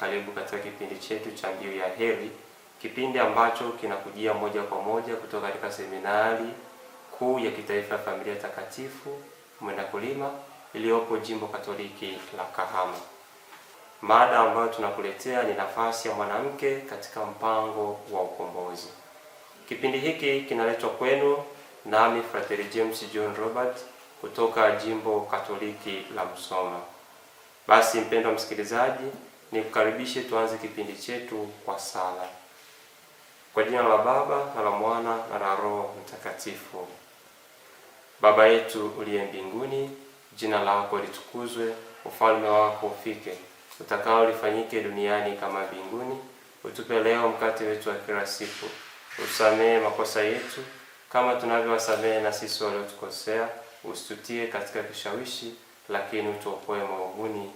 Karibu katika kipindi chetu cha Mbiu ya Heri, kipindi ambacho kinakujia moja kwa moja kutoka katika seminari kuu ya kitaifa ya Familia Takatifu kulima iliyopo Jimbo Katoliki la Kahama. Mada ambayo tunakuletea ni nafasi ya mwanamke katika mpango wa ukombozi. Kipindi hiki kinaletwa kwenu nami Frater James John Robert kutoka Jimbo Katoliki la Msoma. Basi mpendwa msikilizaji Nikukaribishe tuanze kipindi chetu kwa sala. Kwa jina la Baba na la Mwana na la Roho Mtakatifu. Baba yetu uliye mbinguni, jina lako litukuzwe, ufalme wako ufike, utakao lifanyike duniani kama mbinguni. Utupe leo mkate wetu wa kila siku, usamehe makosa yetu kama tunavyowasamehe na sisi waliotukosea, usitutie katika kishawishi, lakini utuokoe maovuni.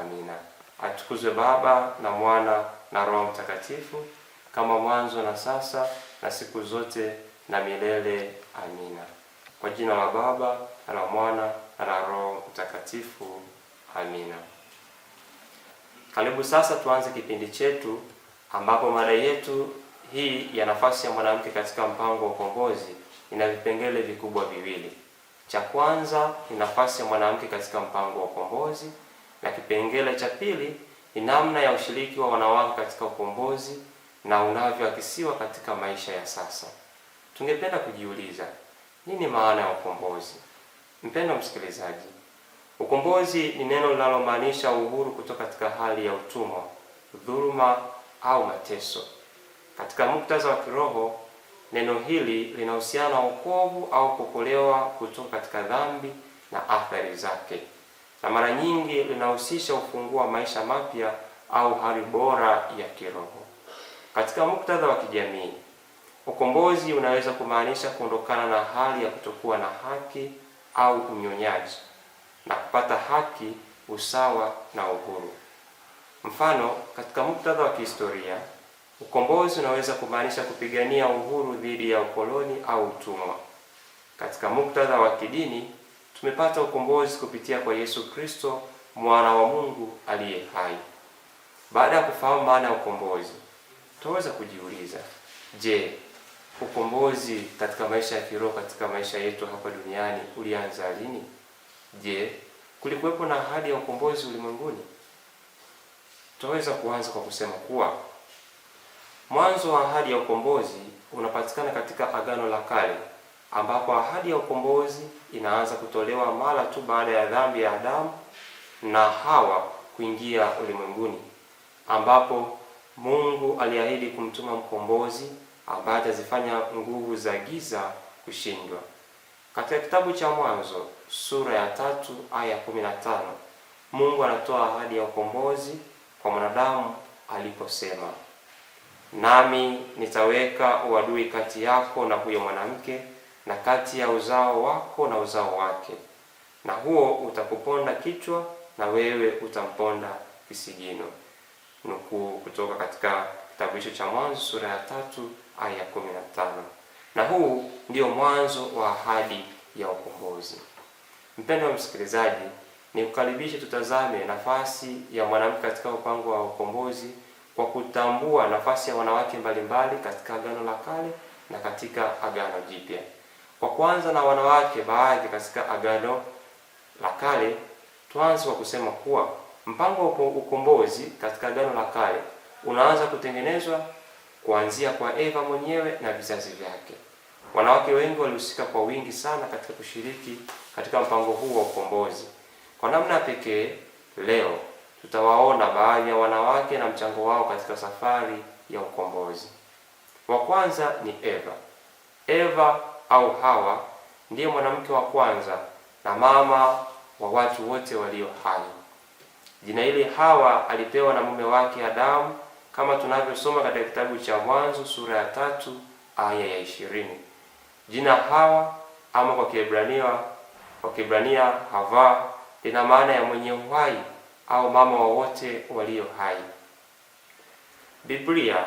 Amina atukuzwe Baba na Mwana na Roho Mtakatifu, kama mwanzo na sasa na siku zote na milele. Amina. Kwa jina la Baba na la Mwana na la Roho Mtakatifu. Amina. Karibu sasa tuanze kipindi chetu ambapo mada yetu hii ya nafasi ya mwanamke katika mpango wa ukombozi ina vipengele vikubwa viwili. Cha kwanza ni nafasi ya mwanamke katika mpango wa ukombozi na kipengele cha pili ni namna ya ushiriki wa wanawake katika ukombozi na unavyoakisiwa katika maisha ya sasa. Tungependa kujiuliza nini maana ya ukombozi? Mpendwa msikilizaji, ukombozi ni neno linalomaanisha uhuru kutoka katika hali ya utumwa, dhuluma au mateso. Katika muktadha wa kiroho, neno hili linahusiana na wokovu au kuokolewa kutoka katika dhambi na athari zake na mara nyingi linahusisha ufunguo wa maisha mapya au hali bora ya kiroho. Katika muktadha wa kijamii, ukombozi unaweza kumaanisha kuondokana na hali ya kutokuwa na haki au unyonyaji na kupata haki, usawa na uhuru. Mfano, katika muktadha wa kihistoria, ukombozi unaweza kumaanisha kupigania uhuru dhidi ya ukoloni au utumwa. Katika muktadha wa kidini tumepata ukombozi kupitia kwa Yesu Kristo mwana wa Mungu aliye hai. Baada ya kufahamu maana ya ukombozi, tunaweza kujiuliza, je, ukombozi katika maisha ya kiroho katika maisha yetu hapa duniani ulianza lini? Je, kulikuwepo na ahadi ya ukombozi ulimwenguni? Tunaweza kuanza kwa kusema kuwa mwanzo wa ahadi ya ukombozi unapatikana katika Agano la Kale ambapo ahadi ya ukombozi inaanza kutolewa mara tu baada ya dhambi ya Adamu na Hawa kuingia ulimwenguni, ambapo Mungu aliahidi kumtuma mkombozi ambaye atazifanya nguvu za giza kushindwa. Katika kitabu cha Mwanzo sura ya tatu aya kumi na tano Mungu anatoa ahadi ya ukombozi kwa mwanadamu aliposema, nami nitaweka uadui kati yako na huyo mwanamke na kati ya uzao wako na uzao wake, na huo utakuponda kichwa na wewe utamponda kisigino. Nukuu kutoka katika kitabu hicho cha Mwanzo sura ya tatu aya ya kumi na tano. Na huu ndio mwanzo wa ahadi ya ukombozi. Mpendo wa msikilizaji, ni kukaribishe tutazame nafasi ya mwanamke katika upango wa ukombozi kwa kutambua nafasi ya wanawake mbalimbali katika Agano la Kale na katika Agano Jipya. Kwa kwanza na wanawake baadhi katika Agano la Kale, tuanze kwa kusema kuwa mpango wa ukombozi katika Agano la Kale unaanza kutengenezwa kuanzia kwa Eva mwenyewe na vizazi vyake. Wanawake wengi walihusika kwa wingi sana katika kushiriki katika mpango huu wa ukombozi. Kwa namna pekee, leo tutawaona baadhi ya wanawake na mchango wao katika safari ya ukombozi. Wa kwanza ni Eva. Eva au Hawa ndiye mwanamke wa kwanza na mama wa watu wote walio hai. Jina hili Hawa alipewa na mume wake Adamu kama tunavyosoma katika kitabu cha Mwanzo sura ya tatu aya ya ishirini. Jina Hawa ama kwa Kiebrania kwa Kiebrania Hava lina maana ya mwenye uhai au mama wa wote walio hai. Biblia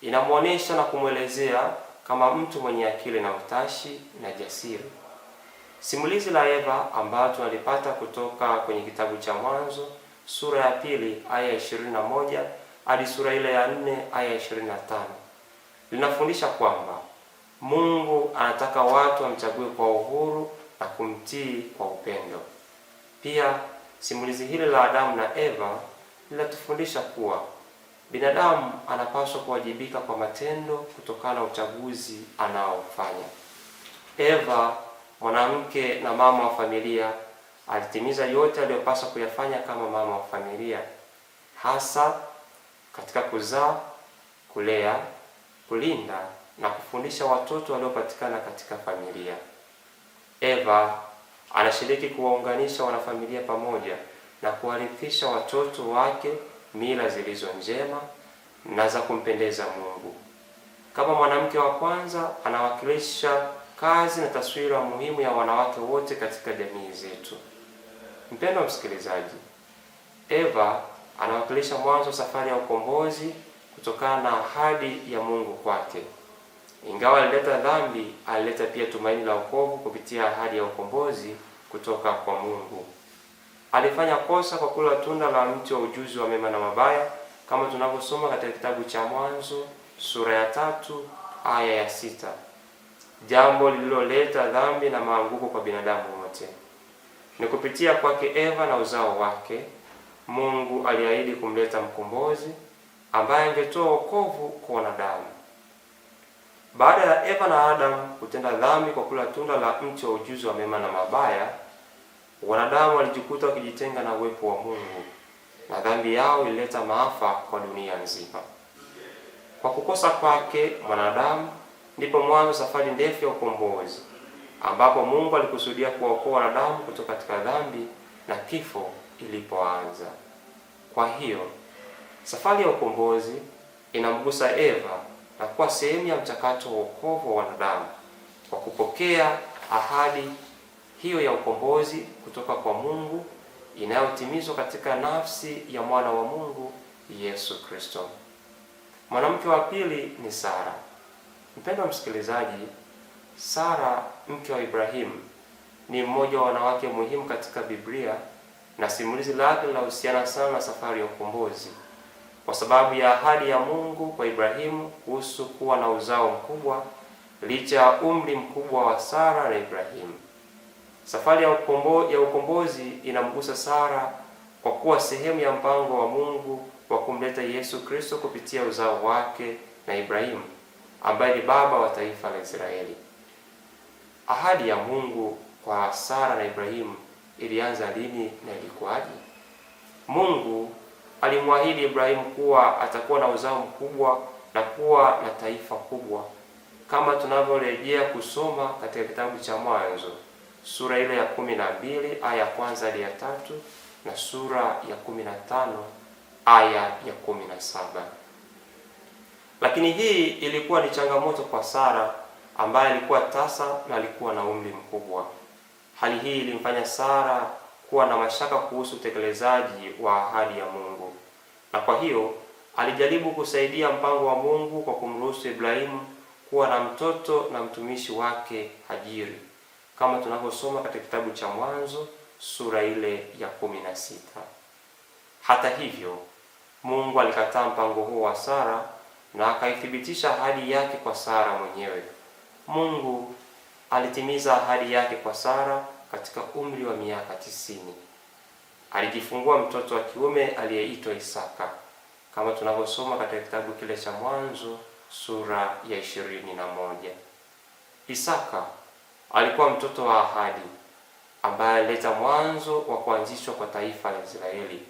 inamwonyesha na kumwelezea kama mtu mwenye akili na utashi na jasiri. Simulizi la Eva ambayo tunalipata kutoka kwenye kitabu cha Mwanzo sura ya pili aya ya 21 hadi sura ile ya nne aya ya tano linafundisha kwamba Mungu anataka watu wamchague kwa uhuru na kumtii kwa upendo. Pia simulizi hili la Adamu na Eva linatufundisha kuwa Binadamu anapaswa kuwajibika kwa matendo kutokana na uchaguzi anaofanya. Eva, mwanamke na mama wa familia, alitimiza yote aliyopaswa kuyafanya kama mama wa familia, hasa katika kuzaa, kulea, kulinda na kufundisha watoto waliopatikana katika familia. Eva anashiriki kuwaunganisha wanafamilia pamoja na kuwarithisha watoto wake mila zilizo njema na za kumpendeza Mungu. Kama mwanamke wa kwanza anawakilisha kazi na taswira muhimu ya wanawake wote katika jamii zetu. Mpendwa msikilizaji, Eva anawakilisha mwanzo safari ya ukombozi kutokana na ahadi ya Mungu kwake. Ingawa alileta dhambi, alileta pia tumaini la wokovu kupitia ahadi ya ukombozi kutoka kwa Mungu alifanya kosa kwa kula tunda la mti wa ujuzi wa mema na mabaya, kama tunavyosoma katika kitabu cha Mwanzo sura ya tatu aya ya sita, jambo lililoleta dhambi na maanguko kwa binadamu wote. Ni kupitia kwake Eva na uzao wake, Mungu aliahidi kumleta mkombozi ambaye angetoa wokovu kwa wanadamu. Baada ya Eva na Adamu kutenda dhambi kwa kula tunda la mti wa ujuzi wa mema na mabaya Wanadamu walijikuta wakijitenga na uwepo wa Mungu na dhambi yao ilileta maafa kwa dunia nzima. Kwa kukosa kwake mwanadamu, ndipo mwanzo safari ndefu ya ukombozi, ambapo Mungu alikusudia kuwaokoa wanadamu kutoka katika dhambi na kifo ilipoanza. Kwa hiyo safari ya ukombozi inamgusa Eva na kuwa sehemu ya mchakato wa wokovu wa wanadamu kwa kupokea ahadi hiyo ya ukombozi kutoka kwa Mungu inayotimizwa katika nafsi ya mwana wa Mungu Yesu Kristo. Mwanamke wa pili ni Sara. Mpendwa msikilizaji, Sara mke wa Ibrahimu ni mmoja wa wanawake muhimu katika Biblia na simulizi lake linahusiana sana na safari ya ukombozi, kwa sababu ya ahadi ya Mungu kwa Ibrahimu kuhusu kuwa na uzao mkubwa licha ya umri mkubwa wa Sara na Ibrahimu. Safari ya ukombo, ya ukombozi inamgusa Sara kwa kuwa sehemu ya mpango wa Mungu wa kumleta Yesu Kristo kupitia uzao wake na Ibrahimu ambaye ni baba wa taifa la Israeli. Ahadi ya Mungu kwa Sara na Ibrahimu ilianza lini na ilikuwaje? Mungu alimwahidi Ibrahimu kuwa atakuwa na uzao mkubwa na kuwa na taifa kubwa, kama tunavyorejea kusoma katika kitabu cha Mwanzo sura ile ya kumi na mbili aya ya kwanza hadi ya tatu na sura ya kumi na tano aya ya kumi na saba Lakini hii ilikuwa ni changamoto kwa Sara ambaye alikuwa tasa na alikuwa na umri mkubwa. Hali hii ilimfanya Sara kuwa na mashaka kuhusu utekelezaji wa ahadi ya Mungu, na kwa hiyo alijaribu kusaidia mpango wa Mungu kwa kumruhusu Ibrahimu kuwa na mtoto na mtumishi wake Hajiri kama tunavyosoma katika kitabu cha Mwanzo sura ile ya kumi na sita. Hata hivyo, Mungu alikataa mpango huo wa Sara na akaithibitisha ahadi yake kwa Sara mwenyewe. Mungu alitimiza ahadi yake kwa Sara katika umri wa miaka tisini. Alijifungua mtoto wa kiume aliyeitwa Isaka kama tunavyosoma katika kitabu kile cha Mwanzo sura ya ishirini na moja. Isaka alikuwa mtoto wa ahadi ambaye alileta mwanzo wa kuanzishwa kwa taifa la Israeli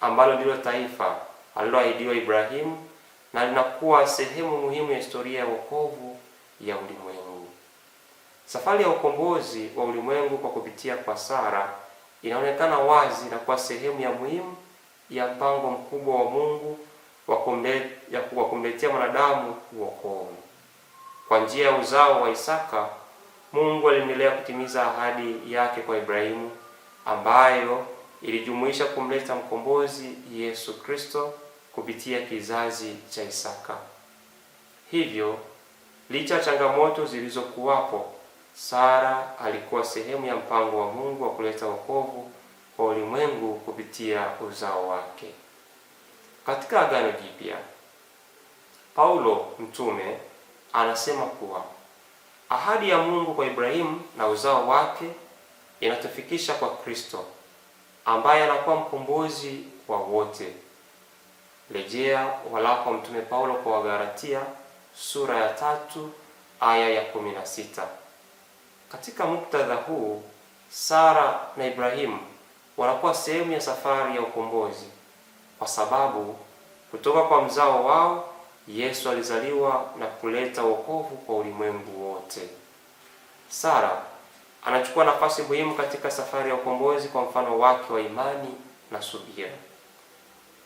ambalo ndilo taifa aliloahidiwa Ibrahimu na linakuwa sehemu muhimu ya historia ya wokovu ya ulimwengu. Safari ya ukombozi wa ulimwengu kwa kupitia kwa Sara inaonekana wazi na kuwa sehemu ya muhimu ya mpango mkubwa wa Mungu wa kumletea mwanadamu wokovu kwa njia ya uzao wa Isaka. Mungu aliendelea kutimiza ahadi yake kwa Ibrahimu ambayo ilijumuisha kumleta mkombozi Yesu Kristo kupitia kizazi cha Isaka. Hivyo, licha ya changamoto zilizokuwapo, Sara alikuwa sehemu ya mpango wa Mungu wa kuleta wokovu kwa ulimwengu kupitia uzao wake. Katika Agano Jipya, Paulo mtume anasema kuwa Ahadi ya Mungu kwa Ibrahimu na uzao wake inatufikisha kwa Kristo ambaye anakuwa mkombozi wa wote. Rejea walako Mtume Paulo kwa Wagalatia sura ya tatu aya ya kumi na sita. Katika muktadha huu, Sara na Ibrahimu wanakuwa sehemu ya safari ya ukombozi kwa sababu kutoka kwa mzao wao Yesu alizaliwa na kuleta wokovu kwa ulimwengu wote. Sara anachukua nafasi muhimu katika safari ya ukombozi kwa mfano wake wa imani na subira.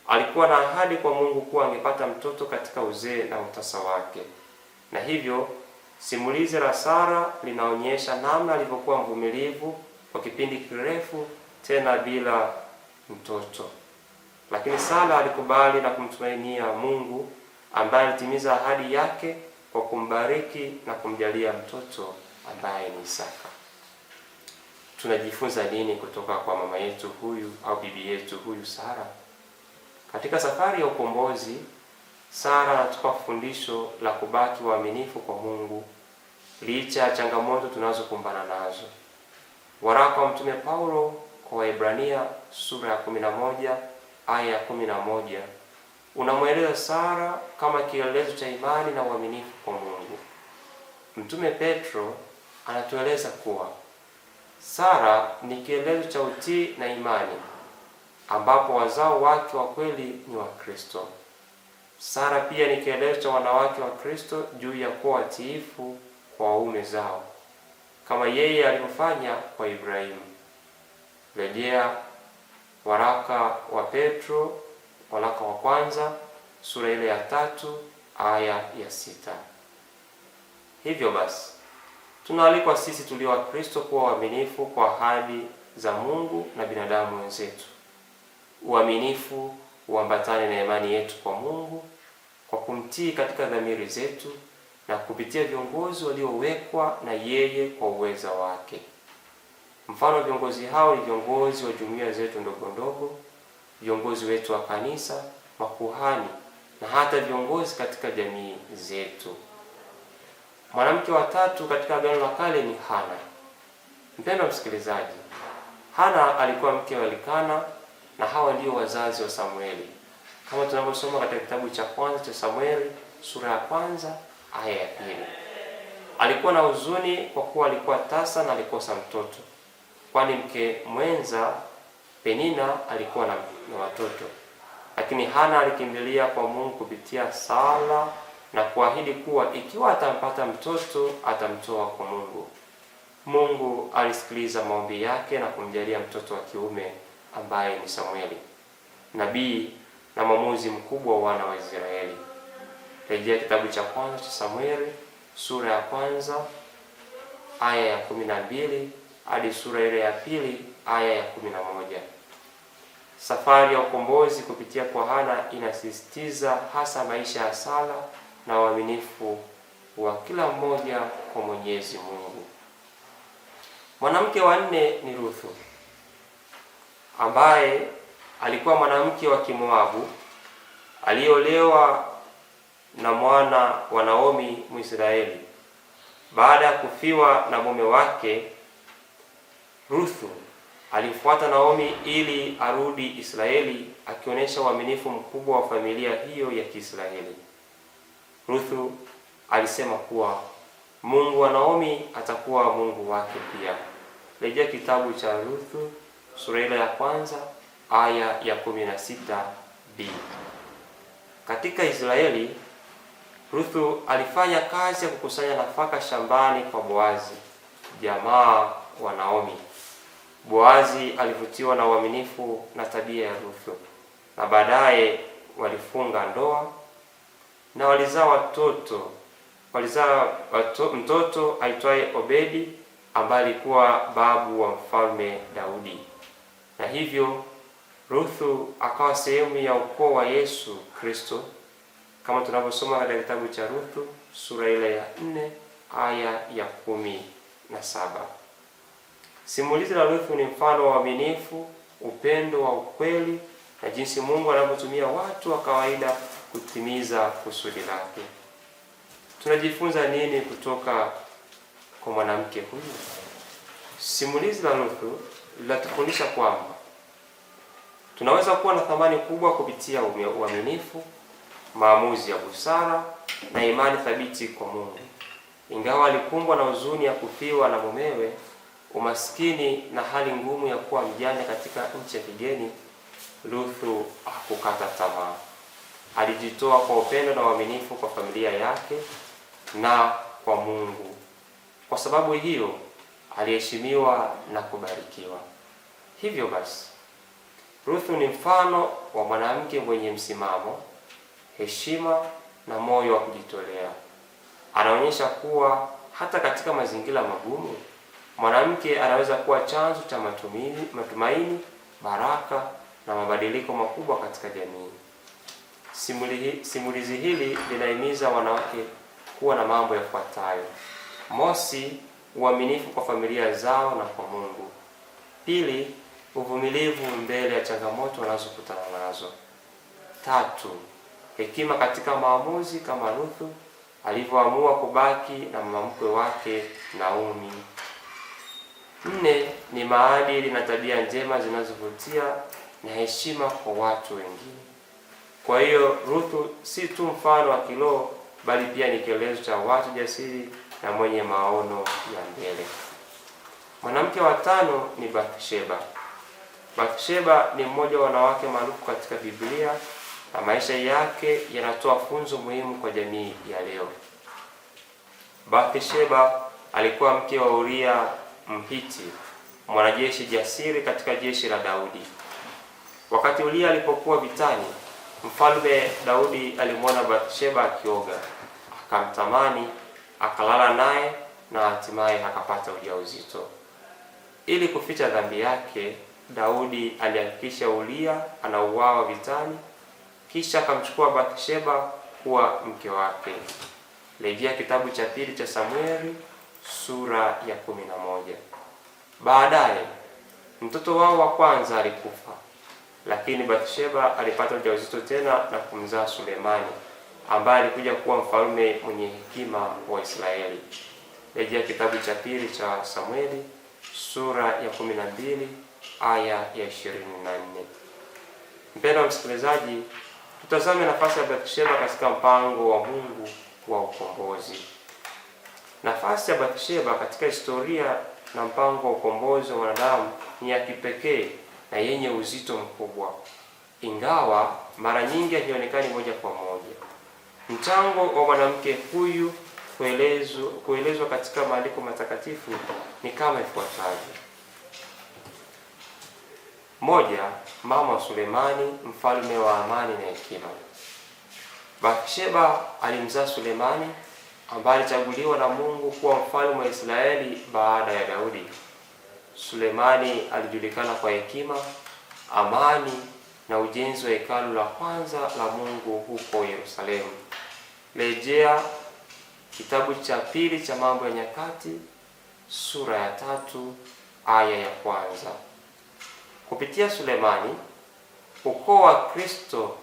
Alikuwa na ahadi kwa Mungu kuwa angepata mtoto katika uzee na utasa wake, na hivyo simulizi la Sara linaonyesha namna alivyokuwa mvumilivu kwa kipindi kirefu, tena bila mtoto, lakini Sara alikubali na kumtumainia Mungu ambaye alitimiza ahadi yake kwa kumbariki na kumjalia mtoto ambaye ni Isaka. Tunajifunza nini kutoka kwa mama yetu huyu au bibi yetu huyu Sara? Katika safari ya ukombozi, Sara anatupa fundisho la kubaki waaminifu kwa Mungu licha ya changamoto tunazokumbana nazo. Waraka wa Mtume Paulo kwa Waebrania sura ya 11 aya ya 11 unamweleza Sara kama kielelezo cha imani na uaminifu kwa Mungu. Mtume Petro anatueleza kuwa Sara ni kielelezo cha utii na imani, ambapo wazao wake wa kweli ni Wakristo. Sara pia ni kielelezo cha wanawake wa Kristo juu ya kuwa watiifu kwa waume zao kama yeye alivyofanya kwa Ibrahimu. Rejea waraka wa Petro Waraka wa kwanza sura ile ya tatu aya ya sita. Hivyo basi tunaalikwa sisi tulio Wakristo kuwa waaminifu kwa ahadi za Mungu na binadamu wenzetu. Uaminifu uambatane na imani yetu kwa Mungu kwa kumtii katika dhamiri zetu na kupitia viongozi waliowekwa na yeye kwa uweza wake. Mfano, viongozi hao ni viongozi wa jumuiya zetu ndogo ndogo viongozi wetu wa kanisa, makuhani na hata viongozi katika jamii zetu. Mwanamke wa tatu katika Agano la Kale ni Hana. Mpendwa msikilizaji, Hana alikuwa mke wa Elikana na hawa ndio wazazi wa Samueli kama tunavyosoma katika kitabu cha kwanza cha Samueli sura ya kwanza aya ya pili. Alikuwa na huzuni kwa kuwa alikuwa tasa na alikosa mtoto, kwani mke mwenza Penina alikuwa na, na watoto lakini Hana alikimbilia kwa Mungu kupitia sala na kuahidi kuwa ikiwa atampata mtoto atamtoa kwa Mungu. Mungu alisikiliza maombi yake na kumjalia mtoto wa kiume ambaye ni Samueli, nabii na mwamuzi mkubwa wa wana wa Israeli. Rejea kitabu cha kwanza cha Samueli sura ya kwanza aya ya kumi na mbili hadi sura ile ya pili aya ya kumi na moja. Safari ya ukombozi kupitia kwa Hana inasisitiza hasa maisha ya sala na uaminifu wa kila mmoja kwa Mwenyezi Mungu. Mwanamke wa nne ni Ruthu ambaye alikuwa mwanamke wa Kimoabu aliyeolewa na mwana wa Naomi Mwisraeli. Baada ya kufiwa na mume wake, Ruthu Alimfuata Naomi ili arudi Israeli, akionyesha uaminifu mkubwa wa familia hiyo ya Kiisraeli. Ruthu alisema kuwa Mungu wa Naomi atakuwa Mungu wake pia. Rejea kitabu cha Ruthu sura ya kwanza aya ya 16b. Katika Israeli, Ruthu alifanya kazi ya kukusanya nafaka shambani kwa Boazi, jamaa wa Naomi. Boazi alivutiwa na uaminifu na tabia ya Ruthu, na baadaye walifunga ndoa na walizaa watoto walizaa wato, mtoto aitwaye Obedi ambaye alikuwa babu wa mfalme Daudi, na hivyo Ruthu akawa sehemu ya ukoo wa Yesu Kristo kama tunavyosoma katika kitabu cha Ruthu sura ile ya nne aya ya kumi na saba. Simulizi la Ruthu ni mfano wa uaminifu, upendo wa ukweli na jinsi Mungu anavyotumia watu wa kawaida kutimiza kusudi lake. Tunajifunza nini kutoka kwa mwanamke huyu? Simulizi la Ruthu linatufundisha kwamba tunaweza kuwa na thamani kubwa kupitia uaminifu, maamuzi ya busara na imani thabiti kwa Mungu. Ingawa alikumbwa na huzuni ya kufiwa na mumewe umaskini na hali ngumu ya kuwa mjane katika nchi ya kigeni, Ruthu hakukata tamaa. Alijitoa kwa upendo na uaminifu kwa familia yake na kwa Mungu. Kwa sababu hiyo aliheshimiwa na kubarikiwa. Hivyo basi, Ruthu ni mfano wa mwanamke mwenye msimamo, heshima na moyo wa kujitolea. Anaonyesha kuwa hata katika mazingira magumu mwanamke anaweza kuwa chanzo cha matumaini, matumaini, baraka na mabadiliko makubwa katika jamii. Simulizi, simulizi hili linahimiza wanawake kuwa na mambo yafuatayo: mosi, uaminifu kwa familia zao na kwa Mungu; pili, uvumilivu mbele ya changamoto wanazokutana nazo; tatu, hekima katika maamuzi kama Ruthu alivyoamua kubaki na mama mkwe wake Naomi. Nne ni maadili na tabia njema zinazovutia na heshima kwa watu wengine. Kwa hiyo Ruthu si tu mfano wa kiroho, bali pia ni kielezo cha watu jasiri na mwenye maono ya mbele. Mwanamke wa tano ni Bathsheba. Bathsheba ni mmoja wa wanawake maarufu katika Biblia na maisha yake yanatoa funzo muhimu kwa jamii ya leo. Bathsheba alikuwa mke wa Uria Mhiti, mwanajeshi jasiri katika jeshi la Daudi. Wakati Ulia alipokuwa vitani, mfalme Daudi alimwona Bathsheba akioga, akamtamani, akalala naye na hatimaye akapata ujauzito. Ili kuficha dhambi yake, Daudi alihakikisha Ulia anauawa vitani, kisha akamchukua Bathsheba kuwa mke wake. Rejea kitabu cha pili cha Samueli sura ya kumi na moja. Baadaye mtoto wao wa kwanza alikufa, lakini Bathsheba alipata ujauzito tena na kumzaa Sulemani ambaye alikuja kuwa mfalme mwenye hekima wa Israeli. Rejea kitabu cha pili cha Samueli sura ya mbili aya ya 24. Mpendwa msikilizaji, tutazame nafasi ya Bathsheba katika mpango wa Mungu wa ukombozi. Nafasi ya Bathsheba katika historia na mpango wa ukombozi wa mwanadamu ni ya kipekee na yenye uzito mkubwa, ingawa mara nyingi haionekani moja kwa moja. Mchango wa mwanamke huyu kuelezwa kuelezwa katika maandiko matakatifu ni kama ifuatavyo: moja, mama wa Sulemani, mfalme wa amani na hekima. Bathsheba alimzaa Sulemani ambaye alichaguliwa na Mungu kuwa mfalme wa Israeli baada ya Daudi. Sulemani alijulikana kwa hekima, amani na ujenzi wa hekalu la kwanza la Mungu huko Yerusalemu. Rejea kitabu cha pili cha Mambo ya Nyakati sura ya tatu aya ya kwanza. Kupitia Sulemani ukoo wa Kristo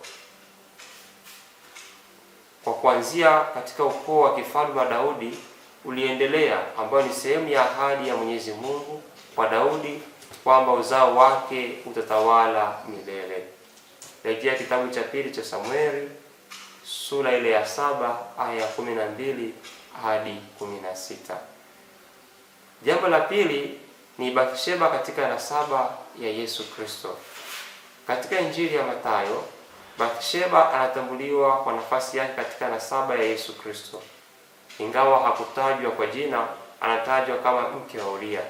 kwa kuanzia katika ukoo wa kifalme wa Daudi uliendelea, ambayo ni sehemu ya ahadi ya Mwenyezi Mungu kwa Daudi kwamba uzao wake utatawala milele. Rejea kitabu cha pili cha Samueli sura ile ya saba aya ya kumi na mbili hadi kumi na sita. Jambo la pili ni Bathsheba katika nasaba ya Yesu Kristo. Katika Injili ya Mathayo Bathsheba anatambuliwa kwa nafasi yake katika nasaba ya Yesu Kristo. Ingawa hakutajwa kwa jina, anatajwa kama mke wa Uria,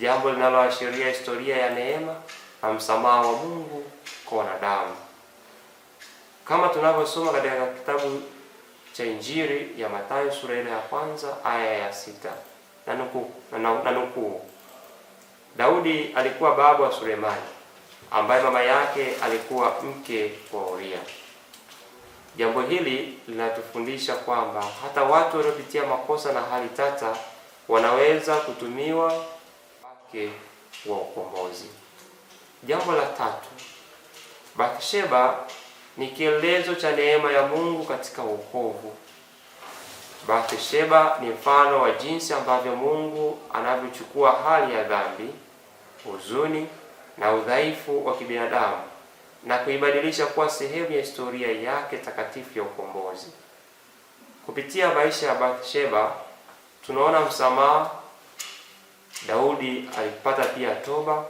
jambo linaloashiria historia ya neema na msamaha wa Mungu kwa wanadamu, kama tunavyosoma katika kitabu cha Injili ya Mathayo sura ile ya kwanza aya ya sita na nukuu, na nukuu, Daudi alikuwa baba wa Sulemani ambaye mama yake alikuwa mke wa Uria. Jambo hili linatufundisha kwamba hata watu waliopitia makosa na hali tata wanaweza kutumiwa wake wa ukombozi. Jambo la tatu, Bathsheba ni kielezo cha neema ya Mungu katika wokovu. Bathsheba ni mfano wa jinsi ambavyo Mungu anavyochukua hali ya dhambi, huzuni na udhaifu wa kibinadamu na kuibadilisha kuwa sehemu ya historia yake takatifu ya ukombozi. Kupitia maisha ya Bathsheba tunaona msamaha. Daudi alipata pia toba,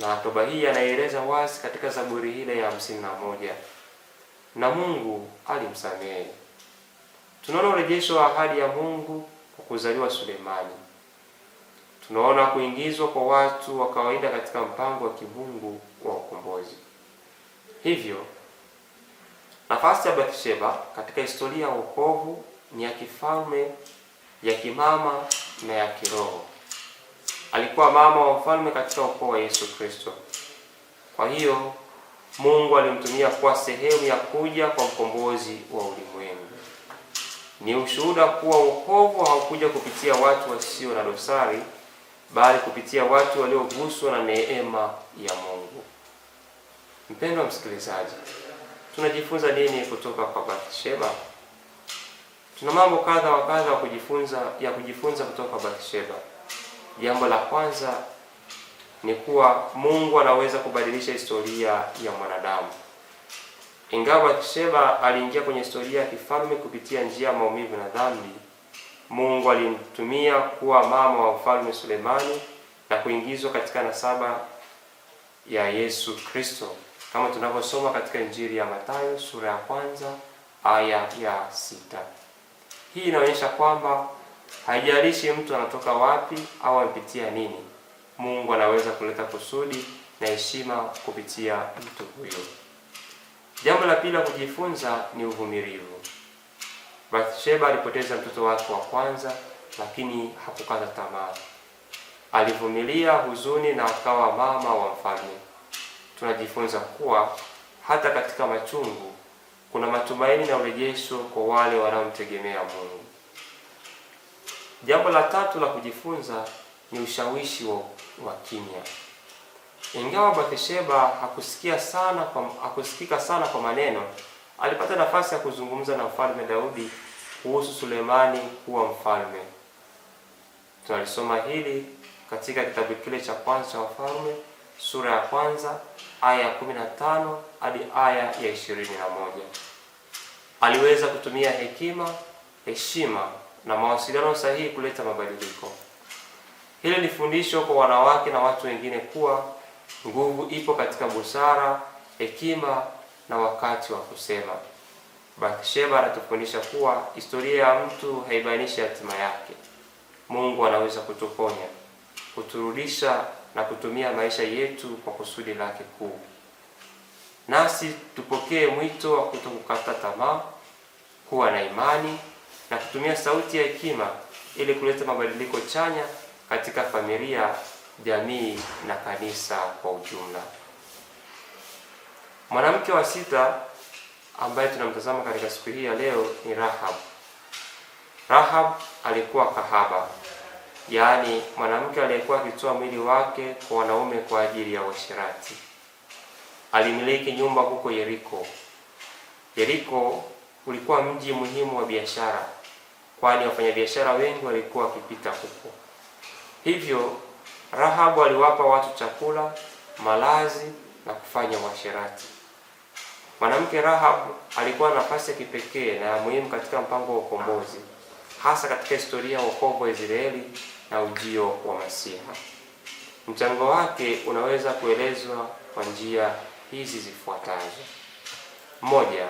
na toba hii anaeleza wazi katika Zaburi ile ya hamsini na moja na Mungu alimsamehe. Tunaona urejesho wa ahadi ya Mungu kwa kuzaliwa Sulemani tunaona kuingizwa kwa watu wa kawaida katika mpango wa kimungu wa ukombozi. Hivyo nafasi ya Bathsheba katika historia ya wokovu ni ya kifalme, ya kimama na ya kiroho. Alikuwa mama wa mfalme katika ukoo wa Yesu Kristo. Kwa hiyo Mungu alimtumia kuwa sehemu ya kuja kwa mkombozi wa ulimwengu. Ni ushuhuda kuwa wokovu haukuja kupitia watu wasio na dosari bali kupitia watu walioguswa na neema ya Mungu. Mpendwa msikilizaji, tunajifunza nini kutoka kwa Bathsheba? Tuna mambo kadha wa kadha wa kujifunza ya kujifunza kutoka kwa Bathsheba. Jambo la kwanza ni kuwa Mungu anaweza kubadilisha historia ya mwanadamu. Ingawa Bathsheba aliingia kwenye historia ya kifalme kupitia njia ya maumivu na dhambi Mungu alimtumia kuwa mama wa Mfalme Sulemani na kuingizwa katika nasaba ya Yesu Kristo kama tunavyosoma katika Injili ya Mathayo sura ya kwanza aya ya sita. Hii inaonyesha kwamba haijalishi mtu anatoka wapi au amepitia nini, Mungu anaweza kuleta kusudi na heshima kupitia mtu huyo. Jambo la pili la kujifunza ni uvumilivu. Bathsheba alipoteza mtoto wake wa kwanza, lakini hakukata tamaa. Alivumilia huzuni na akawa mama wa mfalme. Tunajifunza kuwa hata katika machungu kuna matumaini na urejesho kwa wale wanaomtegemea Mungu. Jambo la tatu la kujifunza ni ushawishi wa, wa kimya. Ingawa Bathsheba hakusikia sana kwa, hakusikika sana kwa maneno alipata nafasi ya kuzungumza na mfalme Daudi kuhusu Sulemani kuwa mfalme. Tunalisoma hili katika kitabu kile cha kwanza cha Wafalme sura ya kwanza aya ya 15 hadi aya ya 21. Aliweza kutumia hekima, heshima na mawasiliano sahihi kuleta mabadiliko. Hili ni fundisho kwa wanawake na watu wengine kuwa nguvu ipo katika busara, hekima na wakati wa kusema. Bathsheba anatufundisha kuwa historia ya mtu haibainishi hatima yake. Mungu anaweza kutuponya, kuturudisha na kutumia maisha yetu kwa kusudi lake kuu. Nasi tupokee mwito wa kutokukata tamaa, kuwa na imani na kutumia sauti ya hekima ili kuleta mabadiliko chanya katika familia, jamii na kanisa kwa ujumla. Mwanamke wa sita ambaye tunamtazama katika siku hii ya leo ni Rahab. Rahab alikuwa kahaba, yaani mwanamke aliyekuwa akitoa mwili wake kwa wanaume kwa ajili ya washirati. Alimiliki nyumba huko Yeriko. Yeriko ulikuwa mji muhimu wa biashara, kwani wafanyabiashara wengi walikuwa wakipita huko. Hivyo Rahabu aliwapa watu chakula, malazi na kufanya washirati. Mwanamke Rahabu alikuwa nafasi ya kipekee na ya muhimu katika mpango wa ukombozi, hasa katika historia ya wokovu wa Israeli na ujio wa Masiha. Mchango wake unaweza kuelezwa kwa njia hizi zifuatazo. Moja,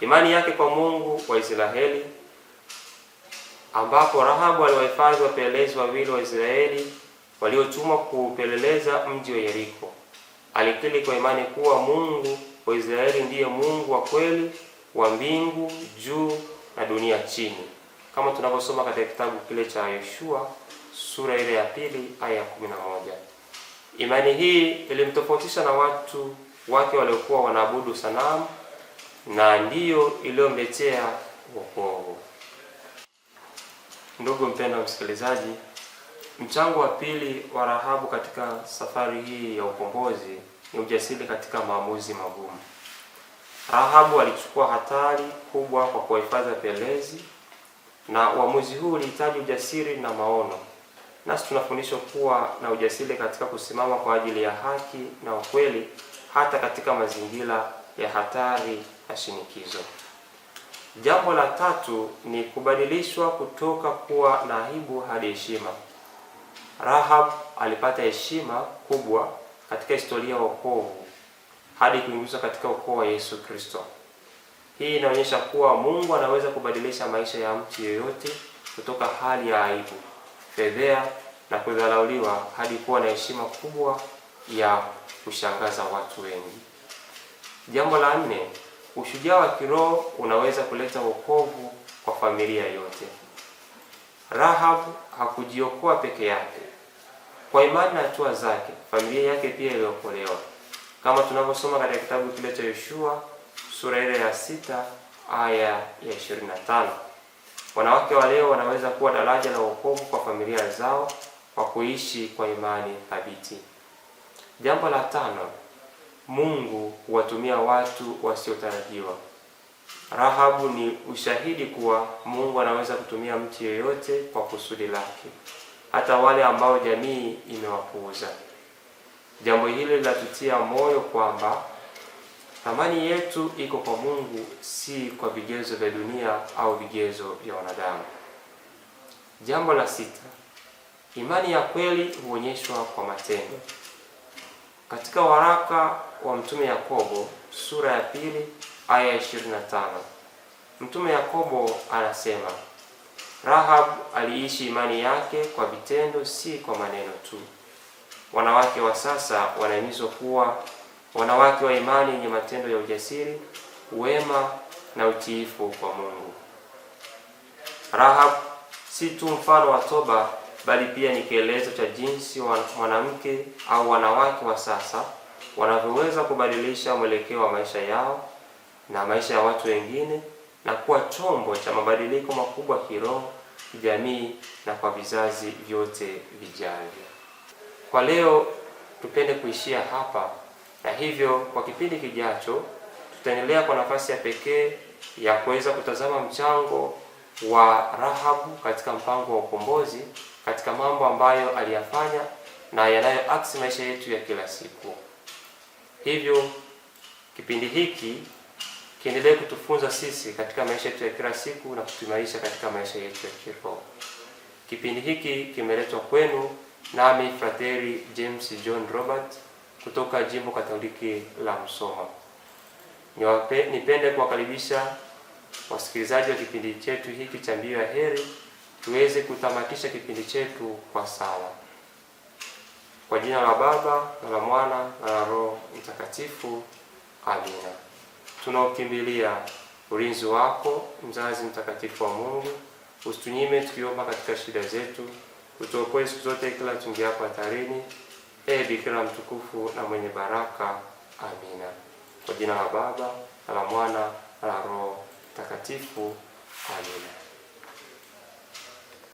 imani yake kwa Mungu wa Israeli ambapo Rahabu aliwahifadhi wapelelezi wawili wa Israeli waliotumwa kuupeleleza mji wa Yeriko. Alikiri kwa imani kuwa Mungu wa Israeli ndiye Mungu wa kweli wa mbingu juu na dunia chini, kama tunavyosoma katika kitabu kile cha Yoshua sura ile ya pili aya ya kumi na moja. Imani hii ilimtofautisha na watu wake waliokuwa wanaabudu sanamu na ndiyo iliyomletea wokovu. Ndugu mpendwa msikilizaji Mchango wa pili wa Rahabu katika safari hii ya ukombozi ni ujasiri katika maamuzi magumu. Rahabu alichukua hatari kubwa kwa kuwahifadhi pelezi, na uamuzi huu ulihitaji ujasiri na maono. Nasi tunafundishwa kuwa na ujasiri katika kusimama kwa ajili ya haki na ukweli, hata katika mazingira ya hatari na shinikizo. Jambo la tatu ni kubadilishwa kutoka kuwa na aibu hadi heshima. Rahab alipata heshima kubwa katika historia ya wokovu hadi kuingizwa katika ukoo wa Yesu Kristo. Hii inaonyesha kuwa Mungu anaweza kubadilisha maisha ya mtu yeyote kutoka hali ya aibu, fedhea na kudharauliwa hadi kuwa na heshima kubwa ya kushangaza watu wengi. Jambo la nne, ushujaa wa kiroho unaweza kuleta wokovu kwa familia yote. Rahab hakujiokoa peke yake, kwa imani na hatua zake, familia yake pia iliokolewa, kama tunavyosoma katika kitabu kile cha Yoshua sura ile ya sita aya ya 25. Wanawake wa leo wanaweza kuwa daraja la wokovu kwa familia zao kwa kuishi kwa imani thabiti. Jambo la tano, Mungu huwatumia watu wasiotarajiwa. Rahabu ni ushahidi kuwa Mungu anaweza kutumia mtu yeyote kwa kusudi lake hata wale ambao jamii imewapuuza. Jambo hili linatutia moyo kwamba thamani yetu iko kwa Mungu, si kwa vigezo vya dunia au vigezo vya wanadamu. Jambo la sita, imani ya kweli huonyeshwa kwa matendo. Katika waraka wa mtume Yakobo sura ya pili aya ya 25 mtume Yakobo anasema Rahab aliishi imani yake kwa vitendo, si kwa maneno tu. Wanawake wa sasa wanahimizwa kuwa wanawake wa imani yenye matendo ya ujasiri, wema na utiifu kwa Mungu. Rahab si tu mfano wa toba, bali pia ni kielezo cha jinsi mwanamke au wanawake wa sasa wanavyoweza kubadilisha mwelekeo wa maisha yao na maisha ya watu wengine na kuwa chombo cha mabadiliko makubwa kiroho, kijamii na kwa vizazi vyote vijavyo. Kwa leo tupende kuishia hapa, na hivyo kwa kipindi kijacho tutaendelea kwa nafasi ya pekee ya kuweza kutazama mchango wa Rahabu katika mpango wa ukombozi katika mambo ambayo aliyafanya na yanayoakisi maisha yetu ya kila siku. Hivyo kipindi hiki kiendelee kutufunza sisi katika maisha yetu ya kila siku na kutuimarisha katika maisha yetu ya kiroho. Kipindi hiki kimeletwa kwenu nami Frateri James John Robert kutoka Jimbo Katoliki la Msoma. Niwape, nipende kuwakaribisha wasikilizaji wa kipindi chetu hiki cha Mbiu ya Heri tuweze kutamatisha kipindi chetu kwa sala. Kwa jina la Baba na la Mwana na la Roho Mtakatifu. Amina tunaokimbilia ulinzi wako, mzazi mtakatifu wa Mungu, usitunyime tukiomba katika shida zetu, utuokoe siku zote kila tuingiapo hatarini, ee Bikira mtukufu na mwenye baraka. Amina. Kwa jina la Baba na la Mwana na la Roho Mtakatifu. Amina.